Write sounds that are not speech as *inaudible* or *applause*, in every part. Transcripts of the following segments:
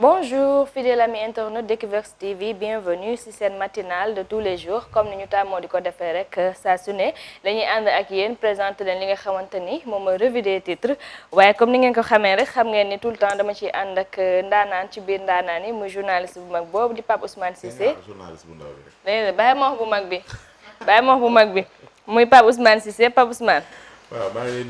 Bonjour fidèles amis internautes d'Equivox TV bienvenue ci seen matinale de tous les jours comme ni ñu tàmmoo di ko defee rek euh, saa su ne dañuy ànd ak yéen présenté leen li nga xamante ni moom mooy revue des titres waaye comme ni ngeen ko xamee rek xam ngeen ni tout le temps dama ciy ànd ak euh, ndaanaan ci biir ndaanaan yi muy journaliste bu mag boobu di Pape Ousmane Cissé ah, journaliste bu ndaw ma bu mag bi bàyyi ma bu mag bi mooy muy Pape si Cissé Pape Ousmane waaw maa ngi lay yi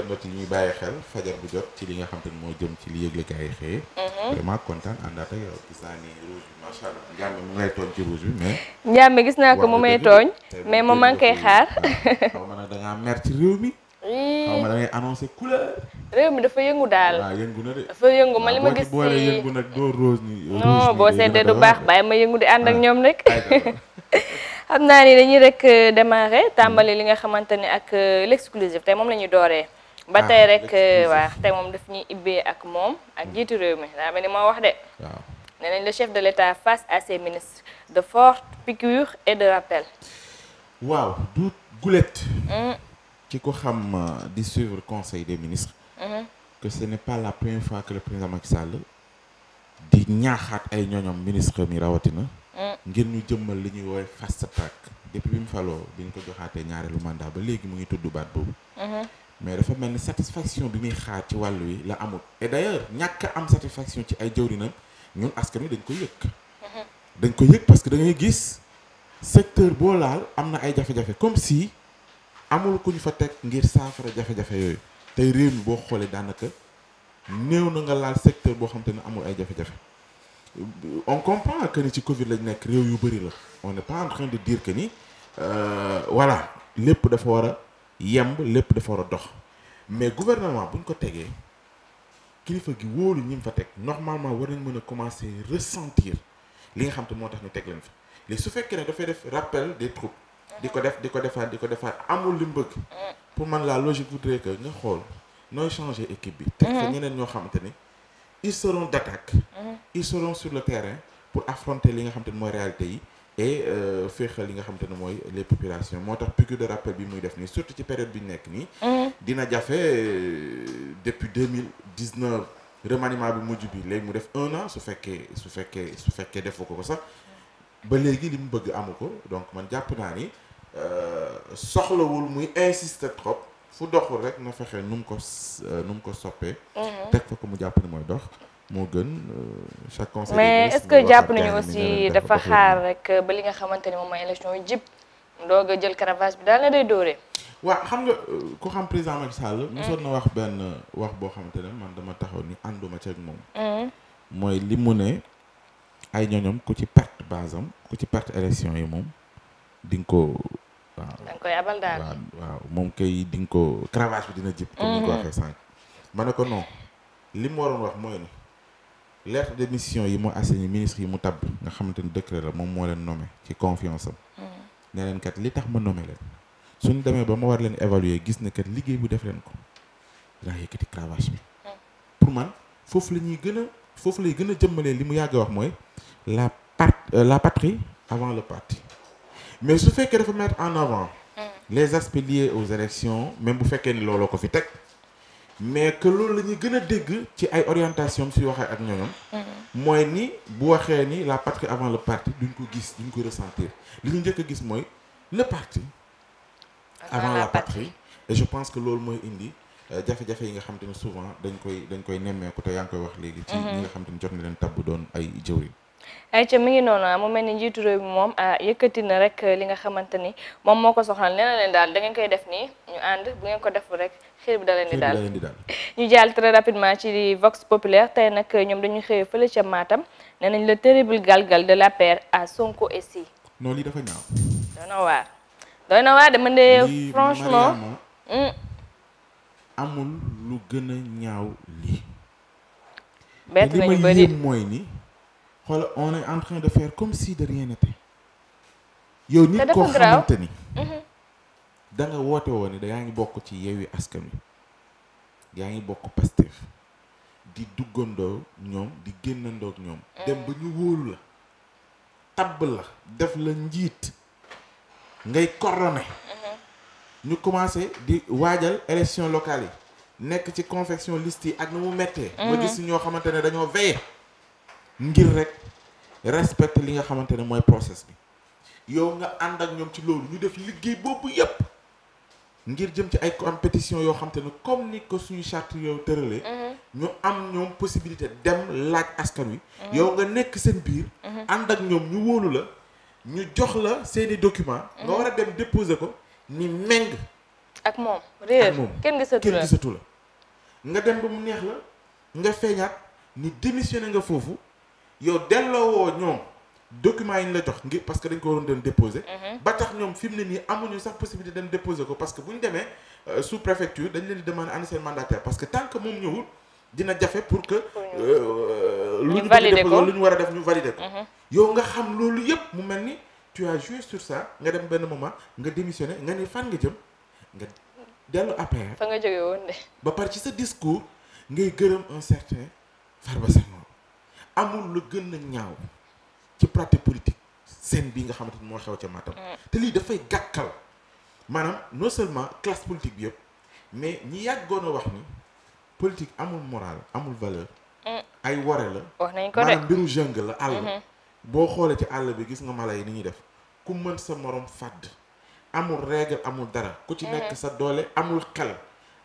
ñuy bàyyi xel fajar bu ci li xam te ne moo jëm ci li yëglekaay yi xëyee. Mhm. vraiment kontaan àndaat gis naa ni rouge bi macha allah njàmbe mu gis naa ko mu may tooñ. mais moom maa ngi koy xaar. xaw ma nag da ngaa mer ci réew dafa yëngu daal. waaw yëngu na de. dafa yëngu ma li ma gis ci yëngu nag doo boo seetee du baax bàyyi ma yëngu di ànd ak ah. ñoom rek. *laughs* xam naa ni dañuy rek euh, démarrer tàmbali li nga xamante ne ak euh, l'exclusive tey moom la ñuy dooree. Ah, ba tey rek euh, waaw te moom daf ñuy ibbee ak moom ak jiitu réew mi daa ni moo wax de. waaw nee nañ chef de l'État face à ses ministres de fortes piqûres et de rappel. waaw du gulet. Mm. ki ko xam di suivre conseil des ministre mm-hmm. que ce n'est pas la première fois que le président Macky Sall di ñaaxaat ay ñoñom ministre mi rawatina. ngir ñu jëmmal li ñuy woowee fast track depuis bi mu faloo bi ñu ko joxaatee ñaareelu mandat ba léegi mu ngi tudd baat boobu. Mhm. mais dafa mel ni satisfaction bi muy xaar ci wàll wi la amul et d'ailleurs ñàkk am satisfaction ci ay jëwrinam ñun askan wi dañ ko yëg. Mhm. dañ ko yëg parce que da ngay gis secteur boo laal am na ay jafe-jafe comme si amul ku ñu fa teg ngir saafara jafe-jafe yooyu tey réew mi boo xoolee daanaka néew na nga laal secteur boo xam te ne amul ay jafe on comprend que ni ci Covid lañ nekk réew yu bëri la on n'est pas en train de dire que ni euh, voilà lépp dafa war a yemb lépp dafa war a dox mais gouvernement ñu ko tegee kilifa gi wóolu ñi mu fa teg normalement war nañ mën a commencer ressentir li nga xam te moo tax ñu teg leen fa li su fekkee ne dafay def rappel des troupes di ko def di ko defaat di ko defaat amul li mu bëgg pour man la logique voudrait que nga xool nooy changer équipe bi. teg fa mhm. ñeneen ñoo xamante ni. ils seront d'attaque mm-hmm. ils seront sur le terrain pour affronter li nga xam te ne mooy réalité yi et euh, féexal li nga xam te ne mooy les population moo tax piqûre de rappel bi muy def nii surtout ci période bi ñu nekk nii mm-hmm. dina jafe euh, depuis deux mille dix-neuf remaniement bi mujj bi léegi mu def un an su fekkee su fekkee su fekkee defu ko ko sax ba léegi li mu bëgg amu ko donc man jàpp naa ni euh, soxlawul muy insister trop fu doxul rek na fexe nu mu ko euh, nu mu ko soppee. Mhm. teg fa ko mu jàpp ne mooy dox. moo gën euh, chaque conseil ce que jàpp nañu aussi dafa xaar rek euh, ba li nga xamante ne moom mooy élection jib doog a jël caravage bi daal na day dóoree. waaw xam nga ku xam président Macky Sall. Mhm. mosoon na wax benn wax boo xamante ne man dama taxaw ni ànduma ci moom. Mhm. mooy li mu ne ay ñoñom ku ci perte base am ku ci perte élection yi moom di ko. waaw da waaw waaw moom kay di ko cravache bi dina jib comme ni nga ko mm-hmm. waxee sànq ma ne ko non li mu waroon wax mooy ni lettre de mission yi mu assigné ministre yi mu tabb nga xamante ni décret la moom moo leen nommé ci confiance am mm-hmm. ne leen kat li tax ma nommé leen suñu demee ba ma war leen évaluer gis ne kat liggéey bu def leen ko dinaa yëkkati cravache bi mm-hmm. pour man foofu la ñuy gën a foofu lay gën a jëmmalee li mu yàgg wax mooy la part euh, la patrie avant le parti mais su fekkee dafa mettre en avant mm. les aspects liés aux élections même bu fekkee ni looloo ko fi teg mais que loolu la ñuy gën a dégg ci ay orientation suy waxee ak ñoom. Mm. mooy ni bu waxee ni la patrie avant le parti duñ ko gis duñ ko ressentir li ñu njëkk a gis mooy le parti avant la patrie et je pense que loolu mooy indi euh, jafe-jafe yi nga xam te ne souvent dañ koy dañ koy nemmeeku te yaa ngi koy wax léegi ci mm-hmm. ñi nga xam te ne jot na leen tabb doon ay jëwriñ ayca mi ngi noonu ah, mu mel ni njiitu réew bi moom ah, yëkkati na rek eh, li nga xamante ni moom moo ko soxla nee na leen daal da koy def nii ñu ànd bu ngeen ko deful rek xëy bi da di daal *laughs* ñu jàll très rapidement ci Vox Populaire tey nag eh, ñoom dañu xëy fële ca Matam nee nañ le terrible galgal de la paire à Sonko et Sy noonu lii dafa ñaaw doy na waar doy na waar dama de franchement hmm. amul lu gën ñaaw lii bett nañu bëri mooy xool on est en train de faire comme si de rien n'était yow nit koo xamante ni mhm. da woote woon ne da ngi bokk ci Yewwi Askan Wi yaa ngi bokk Pastef di duggandoo ñoom di génnandoog ñoom mm. dem ba ñu wóolu la tab la def la njiit ngay korone mhm. ñu commencé di waajal élection locale yi nekk ci confection liste yi ak nu mu mettee ma mhm. gis ñoo xamante ne dañoo veye ngir rek respecte li nga xamante ne mooy process bi yow nga ànd ak ñoom ci loolu ñu def liggéey boobu yëpp ngir jëm ci ay compétition yoo xam te ne comme ni ko suñu charte yow tëralee mm-hmm. ñu am ñoom possibilité dem laaj askan wi mm-hmm. yow nga nekk seen biir mm-hmm. ànd ak ñoom ñu wóolu la ñu jox la seeni document nga war a dem déposer ko ni méng ak moom réer moom kenn gisatu la nga dem ba mu neex la nga feeñaat ni démissionné nga foofu yow delloowoo ñoom document yi ñu la jox ngir parce que dañ ko waroon dem déposer. Mhm. ba tax ñoom fi mu ne nii amuñu sax possibilité dem déposer ko parce que bu ñu demee euh, sous préfecture dañ leen di demande ana seen mandataire parce que tant moom ñëwul dina jafe pour que. Euh, lu ñu validé ko lu ñu war a def ñu validé ko. Mhm. yow nga xam loolu yëpp mu mel ni tu as joué sur ça nga dem benn moment nga démissionné nga ni fan nga jëm nga dellu APR. fa nga jógee woon de. ba pare ci sa discours ngay gërëm un certain amul lu gën a ñaaw ci pratique politique seen bi nga xamante ni moo xew ca Matam mm. te lii dafay gàkkal maanaam non seulement classe politique bi yëpp mais ñi yàggoon a wax ni politique amul moral amul valeur mm. ay ware la wax nañ ko la àll mm-hmm. boo xoolee ci àll bi gis nga mala yi ni ñuy def ku mën sa morom fàdd amul règle amul dara ku ci nekk mm. sa doole amul xel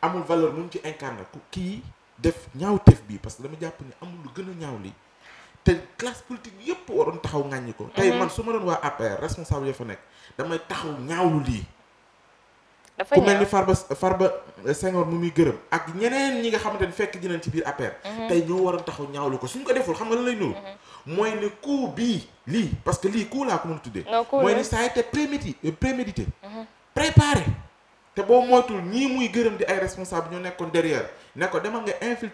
amul valeur mu ci incarné kii def ñaaw ñaawteef bi parce que dama jàpp ni amul lu gën a ñaaw lii te classe politique bi yëpp waroon taxaw ŋàññi ko. tey mhm. man su ma doon waa APR responsable ya fa nekk damay taxaw ñaawlu lii. dafa ku mel ni Farba Farba Senghor mu muy gërëm ak ñeneen ñi nga xamante ni fekk dinañ ci biir APR. Mhm. tey ñoo waroon taxaw ñaawlu ko suñ ko deful xam nga lan lay nuru. Mhm. mooy ne coup bii lii parce que lii coup laa ko mën a tuddee. mooy ne ça a été euh, prémédité prémédité. préparé. te boo moytul ñii muy gërëm di ay responsable ñoo nekkoon derrière ne ko demal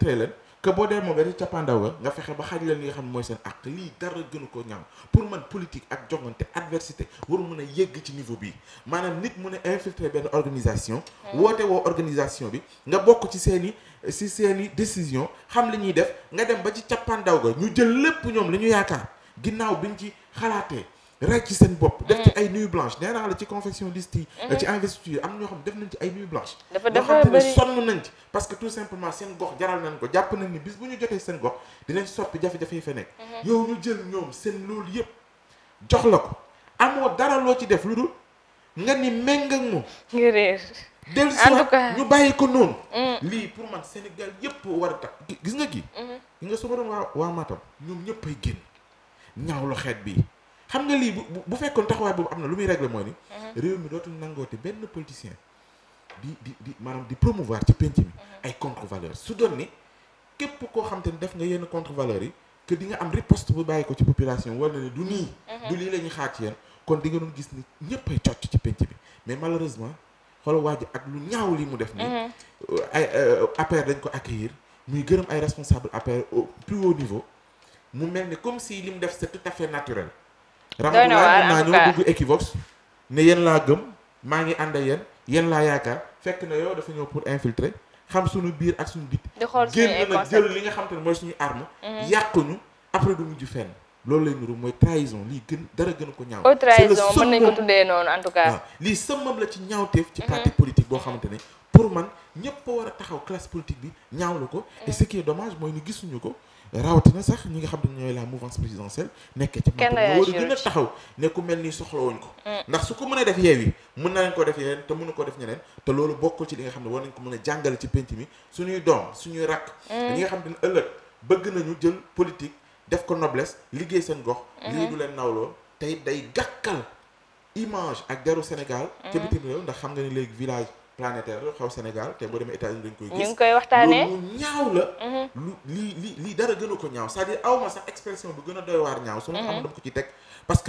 leen. que boo dee moom ba ci cappaandaw ga nga fexe ba xaj leen li nga xam ne mooy seen ak lii dara gënu ko ñaaw pour man politique ak jongante adversité waru mën a yëgg ci niveau bi maanaam nit mun a infiltrer benn organisation hmm. woote woo organisation bi nga bokk ci seen i si seen i décision xam li ñuy def nga dem ba ci cappaandaw ga ñu jël lépp ñoom li ñu yaakaar ginnaaw bi ñu ci xalaatee rek ci seen bopp. def ci mm. ay nuits blanches nee naa ci confection liste yi. Mm-hmm. ci investiture am ñoo xam def nañ ci ay nuits blanches. dafa parce que tout simplement seen gox jaral ko jàpp nañ ni bis bu ñu jotee seen gox dinañ soppi jafe-jafe mm-hmm. yow jël ñoom seen loolu yëpp jox la ko dara loo ci def lu nga ni méng ak moom. nga réer del ñu bàyyi ko noonu. Mm. lii pour man Sénégal yëpp war a tax gis nga kii. Mm-hmm. gis su ma doon waa waa Matam ñëpp ay génn ñaawlu xeet bi xam nga lii bu bu fekkoon taxawaay boobu am na lu muy régle mooy ni. Mhm. réew mi dootul nangoote benn politicien di di di maanaam di promouvoir ci penc bi mhm. ay contre valeurs su doon ni képp koo xam te ni def nga yenn contre valeurs yi que di nga am riposte bu bàyyi ko ci population wala ne du nii. Mhm. du lii la ñuy xaar ci yéen kon di nga doon gis ni ñëpp ay cocc ci penc bi mais malheureusement xoolal waa ji ak lu ñaaw lii mu def. nii ay euh, APR dañ ko accueillir muy gërëm ay responsable APR au mu mel ni comme si li mu def c'est tout à fait doy na waar naa ñëw dugg Equivox ne yéen laa gëm maa ngi ànd ak yéen yéen laa yaakaar fekk na yow dafa ñëw pour infiltrer xam suñu biir ak suñu dit génn na jël li nga xam te ne mooy suñu arme mhm. yàquñu après du mujj fenn loolu lay nuru mooy trahison lii gën dara gën ko ñaaw haute trahison mën nañ ko tuddee noonu en tout cas waaw lii sëmmam la ci ñaawteef ci mhm. pratique politique boo xamante ne pour man ñëpp a war a taxaw classe politique bi ñaaw ko et domage mhm. qui est mooy ni gisuñu ko rawatina sax ñi nga xam ne ñooy la mouvance présidentielle nekk ci kenn war a taxaw ne ku mel nii soxlawuñ ko mm. ndax su ko mën a def yeew yi mën na leen ko def yeneen te mënu ko def ñeneen te loolu bokkul ci li nga xam ne war nañ ko mën a jàngale ci pénc su ñuy doom suñuy rakk mm. ñi nga xam ne ëllëg bëgg nañu jël politique def ko noblesse liggéey seen gox mm-hmm. lii du leen nawloo tey day gàkkal image ak deru Sénégal mm-hmm. ca bitim réew ndax xam nga ni léegi village planétaire la xaw Sénégal te boo demee États-Unis dañ koy gis. ñu ngi koy waxtaanee lu ñaaw la. Mhm. lu lii lii lii dara gënu ko ñaaw cest à a doy ma mhm. ci teg parce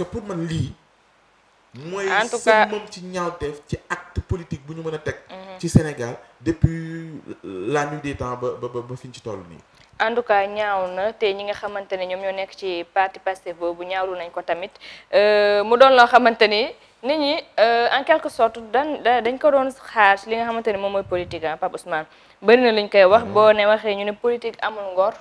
ci ñaawteef ci acte politique bu ñu mën a teg. Mhm. ci Sénégal depuis euh, la nuit des temps ba ba ba ci toll nii. en tout cas ñaaw na te ñi nga xamante ne ñoom ñoo nekk ci parti Pastef boobu ñaawlu nañ ko tamit euh, mu doon loo xamante ni. nit ñi euh, en quelque sorte dan dañ ko doon xaar li nga xamante ne moom mooy politique ah Pape Ousmane bëri na luñ koy wax mhm. boo ne waxee ñu ne politique amul ngor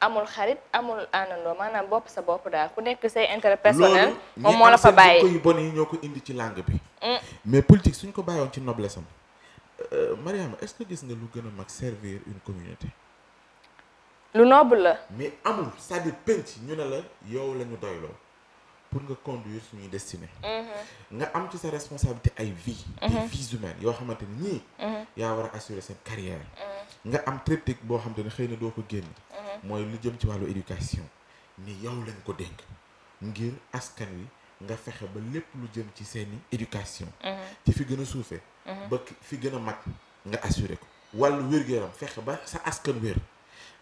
amul xarit amul àndandoo maanaam bopp sa bopp daal ku nekk say intérêt personnel moom moo la fa bàyyi loolu yi bon ko indi ci langue bi mm. mais politique suñ ko bàyyoon ci noblesse am euh, Mariama est-ce que gis nga lu gën a mag servir une communauté lu noble la mais amul cest à penc ñu ne la yow la ñu doyloo pour nga conduire suñuy destinée mm-hmm. nga am ci sa responsabilité ay vie mm-hmm. des vies humaines yoo xamante ni ñii mm-hmm. yaa war a assurer seen carrière nga am triptyque boo xamante ne xëy na doo ko génn mooy lu jëm ci wàllu éducation ni yow lañ ko dénk ngir askan wi nga fexe ba lépp lu jëm ci seeni éducation ci fi gën a suufee ba fi gën a mag nga assurer ko wàllu wér-gu-yaram fexe ba sa askan wér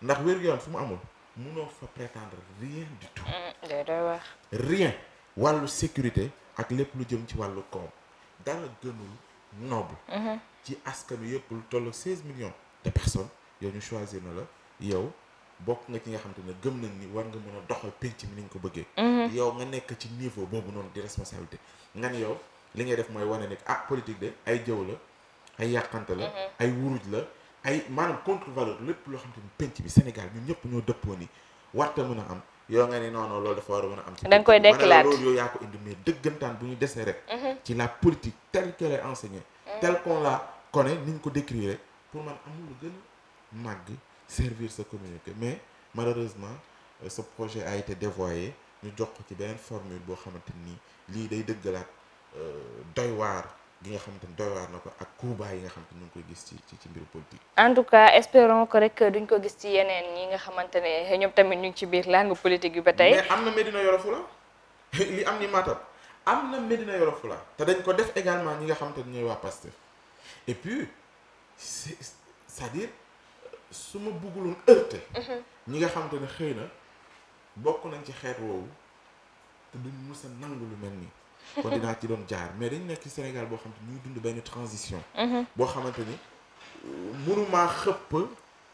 ndax wér gu fu mu amul munoo fa prétendre rien du tout. Mm, day wax. rien wàllu sécurité ak lépp lu jëm ci wàllu koom dara gënul noble. Mm-hmm. ci askan wi yëpp lu toll 16 millions de personnes yow ñu choisir na la yow bokk nga ci nga xamante ne gëm nañ nii war nga mën a doxal penc mi ni ñu ko bëggee. Mm-hmm. yow nga nekk ci niveau boobu noonu di responsabilité nga ne yow li ngay def mooy wane ne ak ah, politique de ay jëw la ay yàqante la mm-hmm. ay wuruj la. ay maanaam contre valeur lépp loo xam te ni penc bi Sénégal ñun ñëpp ñoo dëppoo ni warta mën a am yoo nga ni noonu loolu dafa war a mën a am. da nga koy déclaré loolu yow yaa ko indi mais dëggantaan bu ñu desee rek. Mhm. ci la politique telle qu'elle est enseignée. Mhm. telle qu'on la connaît ni ñu ko décrire pour man amul lu gën a màgg servir sa communauté mais malheureusement euh, ce projet a été dévoyé ñu jox ko ci beneen formule boo xamante ni lii day dëggalaat euh, doy waar. li nga xam te doy na ko ak kuubaay yi nga xam te ngi koy gis ci ci mbiru politique. en tout cas espérons que rek duñ ko gis ci yeneen ñi nga xamante ne ñoom tamit ñu ngi ci biir langue politique yu ba tey. mais am na Medina Yoro la *laughs* li am ni Matam am na Medina Yoro la te dañ ko def également ñi nga xam te ñooy waa Pastef et puis c'est c'est-à-dire su ma bëgguloon heurté. Mhm. ñi nga xam te ne xëy na bokk nañ ci xeet woowu te duñ mus a nangu lu mel nii. kon dinaa ci doon jaar mais dañ nekk Sénégal boo xam ne ñuy dund benn transition mhm. boo xamante ni mënumaa xëpp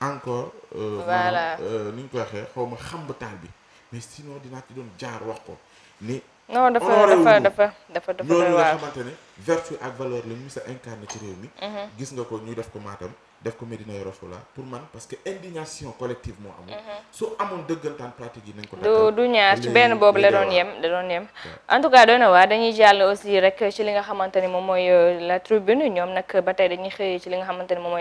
encore euh, voilà euh, ni ñu ko waxee xaw ma xam ba taal bi mais sinon dinaa ci doon jaar wax ko ni non dafa dafa dafa dafa dafa ñooñu nga xamante ne vertu ak valeur la ñu sa incarné ci réew mi mhm. gis nga ko ñuy def ko maatam def ko Médina Yoro Fula pour man parce que indignation collective moo amul. Mhm. su amoon dëggantaan pratique yi nañ ko. du du ñaar ci benn boobu la doon yem da doon yem. ne moom mooy euh, la tribune ñoom nag ba tey dañuy ci li nga xamante ne moom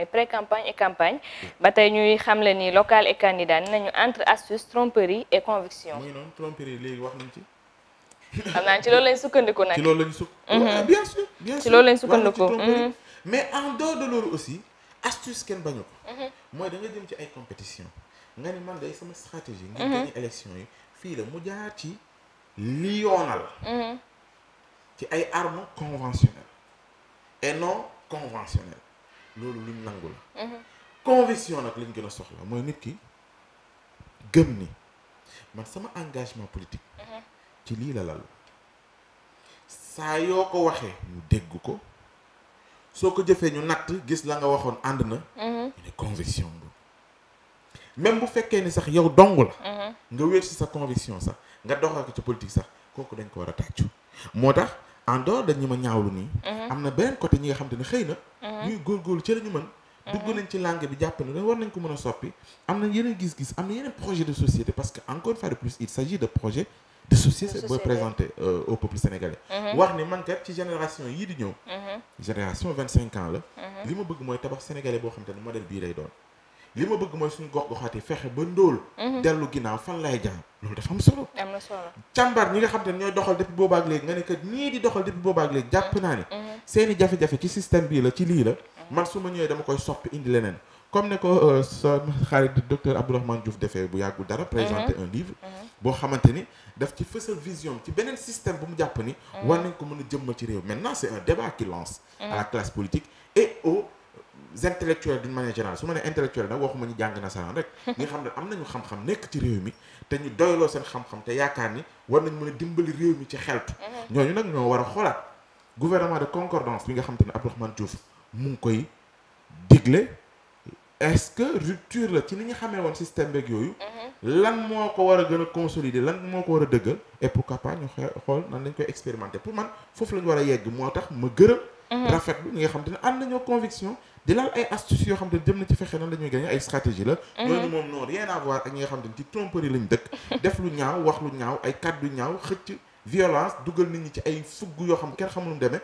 ni local et candidat nee nañu entre astuce tromperie et conviction. tromperie léegi wax nañ ci. xam naa ci loolu lañ sukkandiku *laughs* nag. ci loolu lañ sukk. Mhm. bien sûr bien sûr ci loolu lañ sukkandiku. Mhm. mais en dehors de loolu aussi. astuce kenn bañu ko. Mhm. mooy da nga ci ay compétition nga ni man ay sama stratégie. Mhm. ngir gagné élection yi fii la mu jaar ci li yoonal. Mhm. ci ay armes conventionnelles et non conventionnelles loolu luñ nangu la. conviction nag lañ gën a soxla mooy nit ki gëm ni man sama engagement politique. ci lii la lalu saa yoo ko waxee mu dégg ko. soo ko jëfee ñu natt gis la nga waxoon ànd na mhm. une conviction même bu fekkee ni sax yow dong la mhm. nga wéer ci sa conviction sax nga doxal ko ci politique sax kooku dañ ko war a tàccu moo tax en dehors dañ ñu ma ñaawlu nii mhm. am na beneen côté ñi nga xam te ne xëy na ñuy góorgóorlu ci la ñu mën dugg nañ ci langue bi jàpp ne war nañ ko mën a soppi am na yeneen gis-gis am na yeneen projet de société parce que encore une fois de plus il s'agit de projet de société booy présenté euh, au peuple sénégalais. Mm-hmm. wax ni man kat ci génération yii di ñëw. Mm-hmm. génération vingt cinq ans la. Mm-hmm. li ma bëgg mooy tabax sénégalais boo xam te ne modèle bii lay doon. li ma bëgg mooy suñu gox goxaat fexe ba ndóol. dellu ginnaaw fan lay jaar loolu dafa am solo. am na solo càmbar ñi nga xam te ne ñooy doxal depuis boobaag léegi nga ne kat ñii di doxal depuis boobaak léegi jàpp naa ni. seen i jafe-jafe ci système bii la ci lii la. man su ma ñëwee dama koy soppi indi leneen. comme ne ko euh, sa xarit docteur Abdourahmane Diouf defee bu yàggul dara présenter mhm. un livre mhm. boo xamante ni daf ci fësal vision ci beneen système bu mu jàpp ni mhm. war nañ ko mën a jëmmal ci réew maintenant c'est un débat qui lance à la classe politique et aux su ma nee intellectuel nag waxuma ñu jàng nasaraan rek *laughs* ñi nga xam ne am nañu xam nekk ci réew mi te ñu doyloo seen xam-xam te yaakaar ni war nañ mën a dimbali réew mi ci xeltu ñooñu nag ñoo war a xoolaat gouvernement de concordance bi nga xamante ne Abdourahmane Diouf mu ngi koy digle est-ce la ci ni ñu xamee woon système beeg yooyu. Mhm. lan moo ko war a gën a consolider lan moo ko war a dëggal. et pourquoi pas ñu xool nan lañ koy expérimenter pour man foofu la war a yegg moo tax ma gërëm. Mhm. rafetlu ñi nga xam te ne am nañoo conviction di laal ay astuces yoo xam ne jëm na ci fexe nan la ñuy gagner ay stratégie la. ñooñu mhm. moom non rien à voir ak ñi nga xam te ne ci tromperie lañ dëkk. *laughs* def lu ñaaw wax lu ñaaw ay kàddu ñaaw xëcc. violence dugal nit ñi ci ay fugg yoo xam kenn xamul nu mu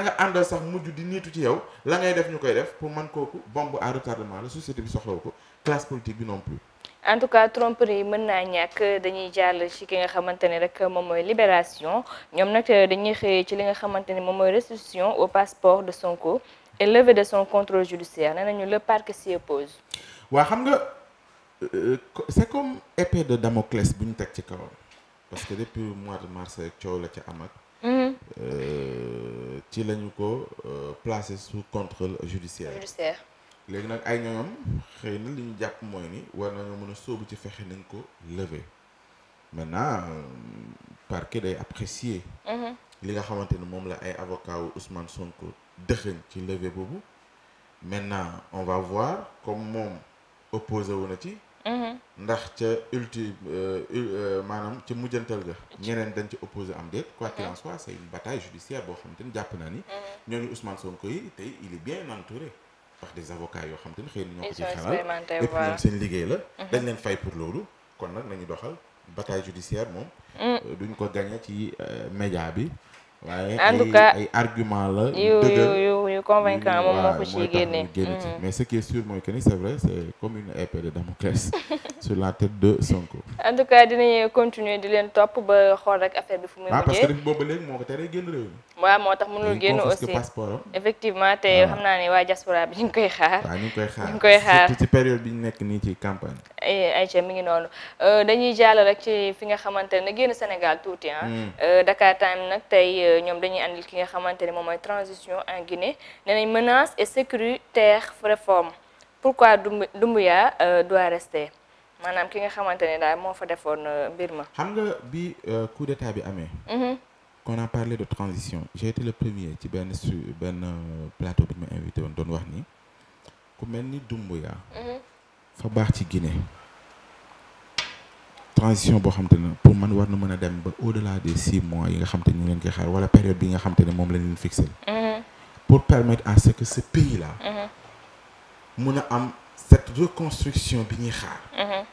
mm. àndal sax mujj di niitu ci yow la ngay def ñu koy def pour man kooku bombe à retardement la société bi soxlawu ko classe politique bi non plus. en tout cas tromperie yi mën naa ñàkk dañuy jàll ci ki nga xamante ne rek moom mooy libération ñoom nag euh, dañuy xëyee ci li nga xamante ne moom mooy restitution au passeport de Sonko et levée de son contrôle judiciaire nee nañu le parquet s'y oppose. waa xam nga euh, euh, c'est comme épée de Damoclès bu ñu teg ci kawam. parce que depuis mois de mars rek coow la ca am ak mhm. euh, ci lañu ko euh, placé sous contrôle judiciaire léegi nag ay ñoom xëy na li ñu jàpp mooy ni war nañoo mën a ci fexe nañ ko lever maintenant euh, parquet day apprécier mhm. li nga xamante ni moom la ay avocat wu Ousmane Sonko dëxëñ ci lever boobu maintenant on va voir comme moom opposé wu na ci Mm-hmm. ndax ca ulti euh, euh, maanaam ca mujjantal ga ñeneen dañ ci opposé am déet quoi qu'il en soit c'est une judiciaire boo xam te jàpp naa ni mm-hmm. ñooñu Ousmane Sonko yi tey il est bien entouré par des avocats yoo xam te ni xëy na ñoo ko ci xalaat et puis ñoom seen liggéey la mm-hmm. dañ leen fay pour loolu kon nag nañu doxal bataille judiciaire moom mm. euh, duñ ko gagné ci média bi waaye en tout cas ay argument la yu yu yu yu convaincant moom moo ko ciy génnee mm. mais ce qui est sûr mooy que c'est vrai c'est comme une de Damoclès *laughs* sur la tête de Sonko en tout cas dinañu continuer di leen topp ba xool rek affaire bi fu muy ah, mujjee boobu léegi moo ko teree génn réew mi waaw moo tax mënul génn aussi effectivement te xam naa ne waa diaspora bi ñu ngi koy xaar ñu ngi ñu ngi koy xaar surtout ci période bi ñu nekk nii ci campagne ayca mi ngi noonu euh, dañuy jàll rek ci fi nga xamante ne génn Sénégal tuuti ah. Dakar Time nag tey euh, ñoom dañuy andil ki nga xamante ne moom mooy transition en Guinée nee nañ menace et sécuritaire réforme pourquoi Doumbouya doit rester maanaam ki nga xamante ne daal moo fa defoon mbir ma. xam nga bi coup d'état bi amee. Mm-hmm. qu'on a parlé de transition j'ai le premier ci benn su benn plateau bi ñu invité woon doon wax ni ku mel ni Doumbouya. Mm-hmm. fa baax ci transition boo xam te ne pour man war na mën a dem ba au delà des six mois yi nga xam te ñu leen koy xaar wala période bi nga xam te ne moom lañ leen fixé. Mm-hmm. pour permettre à ce que ce pays là. Mm-hmm. mun a am cette reconstruction bi ñuy xaar. Mm-hmm.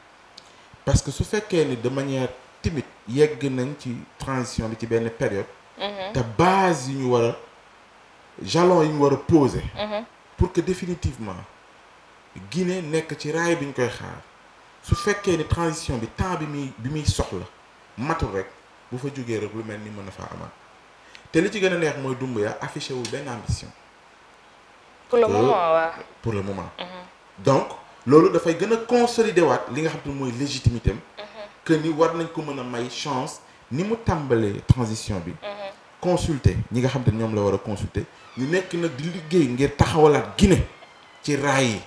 parce que su fekkee ni de manière timide yegg nañ ci transition bi ci benn période. te base yi ñu war a jalon yi ñu war a poser. pour que définitivement Guinée nekk ci raay bi ñu koy xaar. su fekkee ni transition bi temps bi muy bi muy soxla matul rek bu fa jógee rek lu mel ni mën na faa amaat te li ci gën a neex mooy Doumbouya affiché wul benn ambition. pour le euh, moment pour le moment. Mhm. donc loolu dafay gën a consolider waat li nga xam te mooy légitimité am. Mhm. que ni war nañ ko mën a may chance ni mu tàmbalee transition bi. Mhm. consulter ñi nga xam ne ñoom la war a consulter ñu nekk nag di liggéey ngir taxawalaat Guinée ci raay yi.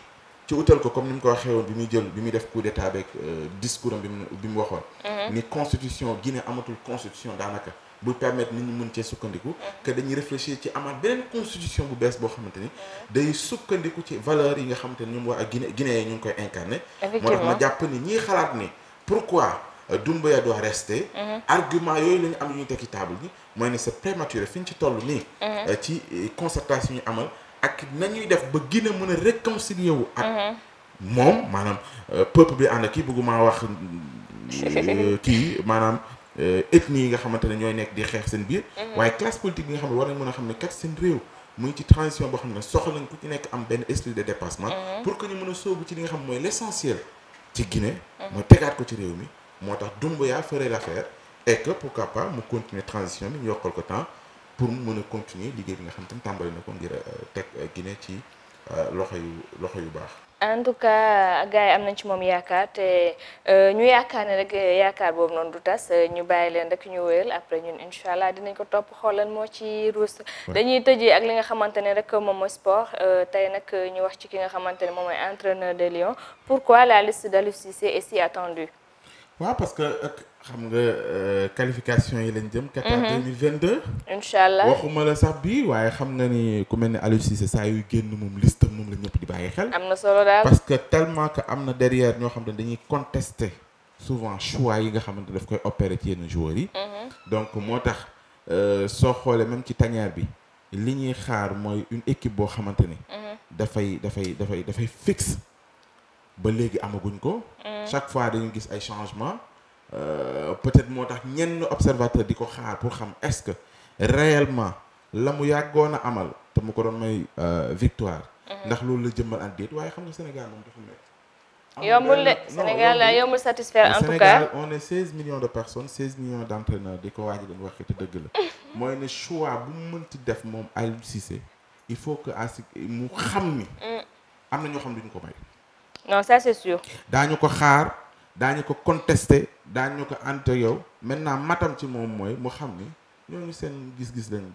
ci wutal ko comme ni mu ko waxee woon bi muy jël bi muy def coup d'état avec euh, discours am bi mu bi mu waxoon mm-hmm. ni constitution Guinée amatul constitution daanaka bu permettre nit ñu mun cee sukkandiku mm-hmm. que dañuy réfléchir ci amaat beneen constitution bu bees boo xamante ni mm-hmm. day sukkandiku ci valeurs yi nga xamante ni mu waa ak gine Guinée yi ñu ngi koy incarné moo tax ma jàpp ni ñiy xalaat ni pourquoi euh, Doumbouya doit rester argument yooyu la ñu am yu ñu tekki table bi mooy ne c'est prématuré fi ñu ci toll nii euh, ci concertation yi amal ak nañuy def ba gën a mën a réconcilier wu ak mhm. moom maanaam euh, peuple bi ànd ak kii bëgguma wax euh, *laughs* kii maanaam euh, ethnie yi nga xamante ne ñooy nekk di xeex seen biir mhm. waaye classe politique bi nga xam ne war nañ mën a xam ne kat seen réew mu ngi ci transition boo xam ne soxla nañ ku ci nekk am benn esprit de dépassement mhm. pour que ñu mën a sóobu ci li nga xam mooy l'essentiel ci Guinée mooy tegaat ko ci réew mi moo tax Doumbouya ferait l'affaire et que pourquoi pas mu continuer transition bi ñu yokkal ko temps pour mën a continuer liggéey bi nga xam te tàmbali na ko ngir euh, teg euh, Guinée ci euh, loxo yu loxo yu baax. en tout cas gars yi am nañ ci moom yaakaar te ñu yaakaar ne rek yaakaar boobu noonu du tas ñu bàyyi leen rek ñu wéyal après ñun incha allah dinañ ko topp xoolan moo ci ruus. dañuy tëjee ak li nga xamante ne rek moom mooy sport tey nag ñu wax ci ki nga xamante ne moom mooy entraîneur des lion pourquoi la liste d'Aliou Cissé si attendue. waaw parce que euh, xam nga euh, qualification yi lañ jëm. Qatar 2022. incha allah waxuma la sax bii waaye xam nga ni ku mel ne Aliou Cissé saa yuy génn moom liste am moom la ñëpp di bàyyi xel. am na solo daal parce que tellement que am na derrière ñoo xam ne dañuy contester souvent choix yi nga xamante daf koy opérer ci yenn joueurs yi. Mhm. donc moo tax euh, soo xoolee même ci tanière bi li ñuy xaar mooy une équipe boo xamante ni. Mhm. dafay dafay dafay dafay fixe. ba léegi amaguñ ko. Mm. chaque fois dañu gis ay changements euh, peut-être moo tax ñenn observateur di ko xaar pour xam est-ce que réellement la mu yàggoon a amal te mu ko doon may euh, victoire. Mm-hmm. ndax loolu la jëmmal ak déet waaye xam nga Sénégal moom dafa nekk. yombul de Sénégal la yombul satisfaire en tout cas Sénégal on est 16 millions de personnes 16 millions d'entraîneurs di ko waaj a doon waxee te dëgg la. *laughs* mooy ne choix bu mu mënti def moom Aliou Cissé il faut que assi mu xam ni. Mm. am na ñoo xam duñ ko may. non ça c'est daañu ko xaar daañu ko contesté daañu ko ante yow maintenant matam ci moom mooy mu xam ni ñooñu seen gis-gis lañ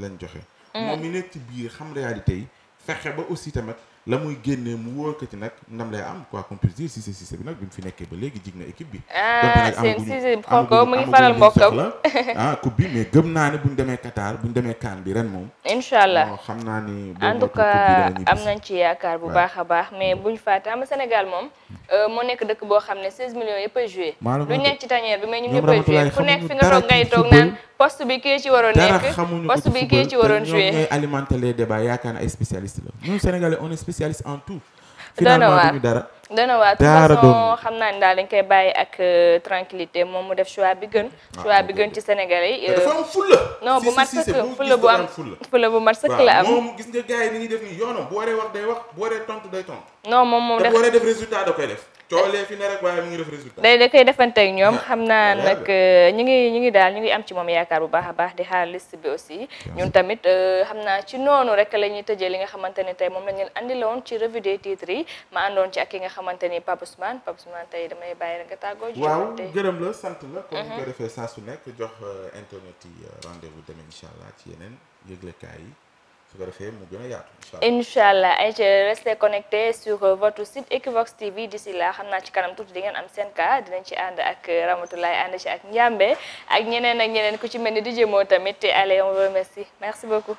lañ joxe. Mm. moom mi nekk ci biir xam réalité yi fexe ba aussi tamit. la muy génnee mu wóor ko ci nag ndam lay am quoi qu'on puisse dire Cissé Cissé bi nag bi mu fi nekkee ba léegi jig na équipe bi. Ah, donc nag amaguñu amaguñu mu ngi faral mbokkam *laughs* ah coupe bi mais gëm naa ne bu ñu demee Qatar bu ñu demee CAN bi ren moom. incha allah bon xam naa ni. en tout cas am nañ ci yaakaar bu baax a baax mais buñ fàtte am Sénégal moom. Euh, moo nekk dëkk boo xam ne 16 millions yëpp a joué. maa la ko lu nekk ci tanière bi mais ñun ñëpp a joué ku nekk fi nga toog ngay toog naan poste bi kii ci waroon nekk poste bi kii ci waroon joué ñoom ñooy alimenter les débats yaakaar na ay spécialiste la ñun on est en tout. finalement dara dana waat façon xam naa ne dañ koy bàyyi ak euh, tranquillité moom mu def choix bi gën ah, choix bi gën ci Sénégalais yi dafa am fulla euh, non bu mat sëkk fulla bu am fulla bu mat sëkk la am moom gis nga gars non moom moom def bu waree def résultat da def coolee fi ne rek waaye mu ngi def résultat. day da koy defante ak ñoom ah, xam naa nag euh, ñu ngi ñu ngi daal ñu ngi am ci moom yaakaar bu baax a baax di xaar liste bi aussi. ñun tamit euh, xam naa ci noonu rek la ñuy tëjee li nga xamante ne tey moom la ñu leen andiloon ci revue des titres ma àndoon ci ak ki nga xamante ni Pape Ousmane Pape Ousmane tey damay bàyyi rek nga tàggoo. ci waaw gërëm la sant la. Mhm. comme ni ko defee saa su nekk jox euh, internet yi rendez-vous demain incha allah ci yeneen su ko defee mu gën a yaatu incha allah incha allah ayca restez connectés xam naa ci kanam tuuti di ngeen am seen cas dinañ ci ànd ak Ramatoulaye ànd ci ak Ndiambe ak ñeneen ak ñeneen ku ci mel ni DJ moo tamit allez on vous remercie merci beaucoup.